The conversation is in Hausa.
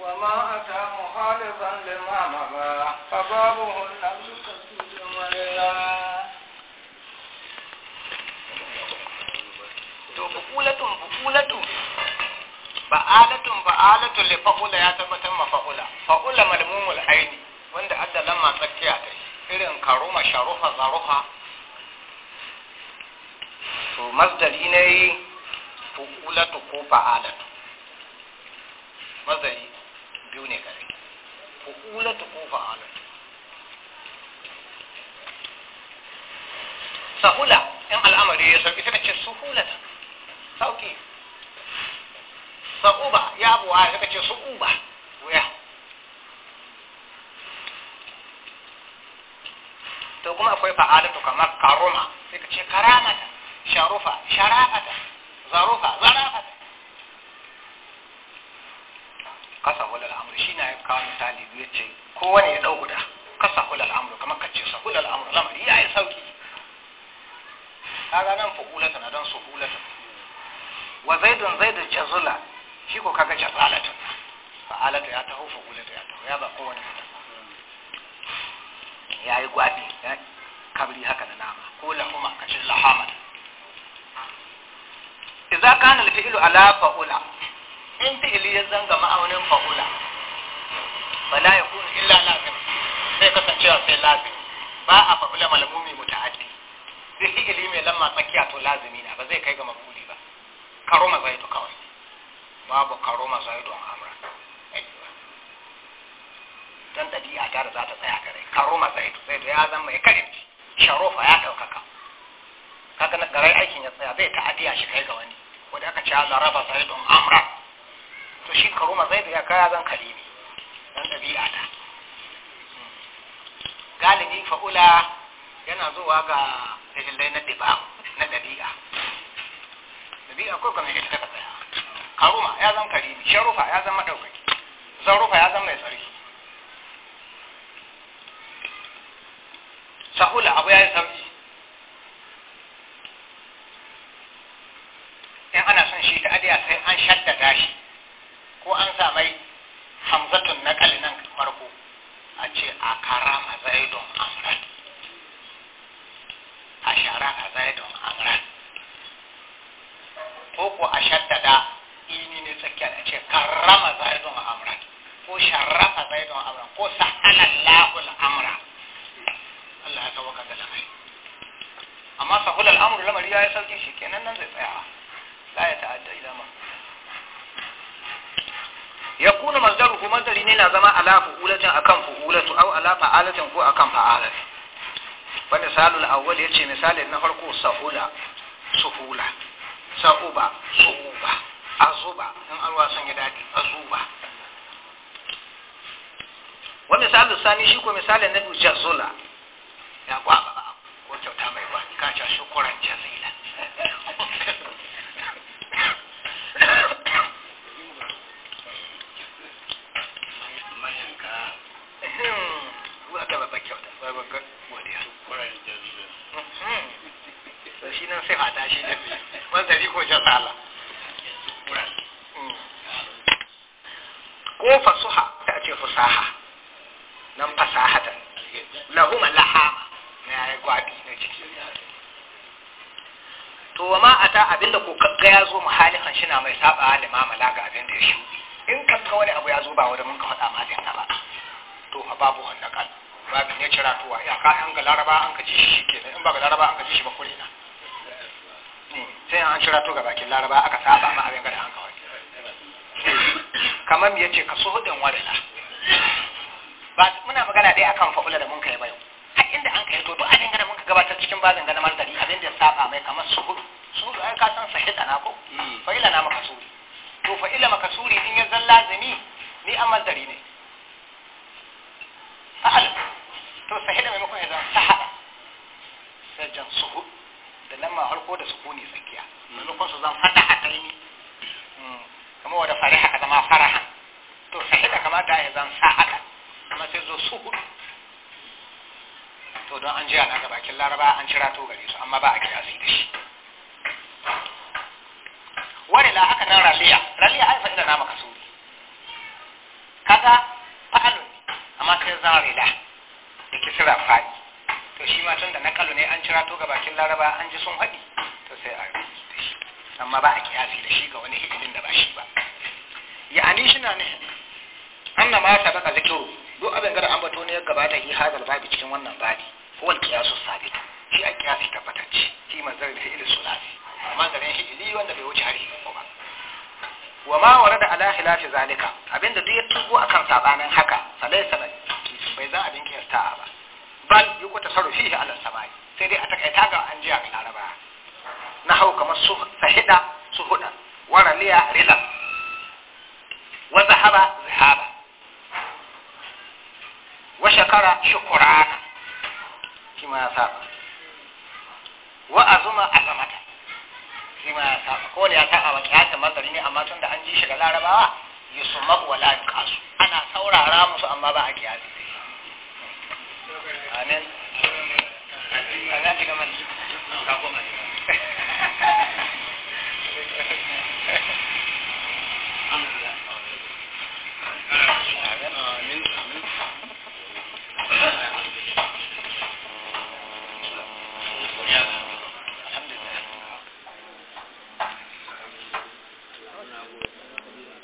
وما أتى مخالفا لما مضى فبابه لم يكفي لله بقولتهم بقولتهم فعالتهم فعالتهم اللي فقولة يا تبتم فقولة فقولة وانت أدى لما تكياتي إذن كروما شروفا ظروفا فمصدر إني فقولة كوفا عالت مصدر إني بيو نه کوي فقوله تقو فعاله سهوله ان الامر يسر اذا كان سهوله اوكي صعوبه يا ابو عايز كده صعوبه ويا تو كما اخوي فعاله تو كما كرمه فيك تشي كرامه شرفه شرافه ظروفه ظرافه قسم ولا لا ina ya kawo misali ya ce kowane ya ɗau da kasa sahula al'amuru kamar ka ce sahula al'amuru lamari ya yi sauki kaga nan fahulatan a don suhulatan wa zaidun zaidun jazula shi ko kaga jazalatun fa'alata ya taho fuhulata ya taho ya ba kowane mutum ya yi gwabi ya kabri haka da nama ko lahuma ka ce lahamata idza kana lafi ilu ala fa'ula in fi'li ya zanga ma'aunin fa فلا يكون إلا لازم سيكا سنشيرا سي لازم با أفضل ملمومي متعدي ذي إليمي لما تكياتو لازمين أبزيكا إيجا مقولي با كروما زايدو كوي بابو كروما زايدو أمرا أيوة تنتا دي أجار ذات سيأكري كروما زايدو زايدو يازم يكلمت شروفا ياتو كاكا kaga na garai aikin ya tsaya bai ta'adi a shiga ga wani wanda aka ce Allah raba sai don amra to shi karuma zai da ya kaya zan kalimi fa'ula yana zuwa ga fihillai na diba na dabi'a dabi'a ko kamar ita ta tsaya karuma ya zama karimi sharufa ya zama ɗaukaki zarufa ya zama mai tsari sahula abu ya yi sauki in ana son shi ta adiya sai an shaddada shi ko an samai أكرم زيد أمرا ashara زيد أمرا ko a shaddada ini ne tsakiyar a ce karrama zaidun amran ko sharrafa zaidun amran ko sahalallahu al'amra Allah ya sauka da lamari amma sahulal amru lamari ya yi sauki shi kenan nan zai tsaya la ya ta'adda ila ma yakunu mazdaruhu mazdari ne na zama ala fu'ulatin akan ala fa'alatin ko akan fa'alat wa misalul awwal yace misali na farko sahula suhula sa'uba azuba in alwa dadi azuba sani shi ko misalin na biyu jazula sun sai ta shi ne wanzari ko jasala ko fasuha ta ce fusaha nan ta lahuma laha na ya gwabi na ciki to wa ma ta abinda ko kaga ya zo muhalifan shi na mai saba limamala ga abinda ya shuɗi in kaga wani abu ya zo ba wurin mun ka faɗa ma zai ba to a babu wannan kan babin ya cira tuwa ya ka an ga laraba an ka ji shi kenan in ba ga laraba an ka ji shi ba kure na sai an shira to ga bakin laraba aka saba ma abin gada an kamar ya ce kaso hudun wadala ba muna magana dai akan fa'ula da mun kai bayo a inda an kai to duk abin gada mun ka gabatar cikin bazin gana martani abin da saba mai kamar su hudu su hudu ai ka san sahida na ko hmm. fa'ila na makasuri to fa'ila makasuri in ya zalla zami ni amal dari ne zan fata ta yi hmm, kama wadda fariha haka zama ha to da kamata ya zan sa haka kuma sai zo su hudu to don an jiya na ga bakin laraba an cira to gare su amma ba a kiyasi da shi wani la haka nan raliya raliya ai fa'ida na maka suri kaga fa'alu amma sai zan rila da kisira fa'i to shi ma tun da kalu ne an cira to ga bakin laraba an ji sun haɗi to sai a yi amma ba a kiyasi da shi ga wani hikimin da ba shi ba ya'ani shi na nihin an na ma sabaka zikiru duk abin gara an bato ne ya gabata yi hazal babi cikin wannan babi kowal kiyasu sabit shi a kiyasi tabbatacce shi manzar da fi'il sulasi amma garin fi'ili wanda bai wuce hari ko ba wa ma warada ala khilafi zalika abinda duk ya tugo akan sabanin haka falai sabai bai za abin kiyasta ba bal yuko tasarrufi ala sabai sai dai a takaita ga an jiya ga laraba na hau kamar su wa azuma azamata shi ma ya saba ko ya saba wa kiyata mazari ne amma tun da an ji shiga larabawa yusumahu wa la kasu ana saurara musu amma ba a kiyasi amin amin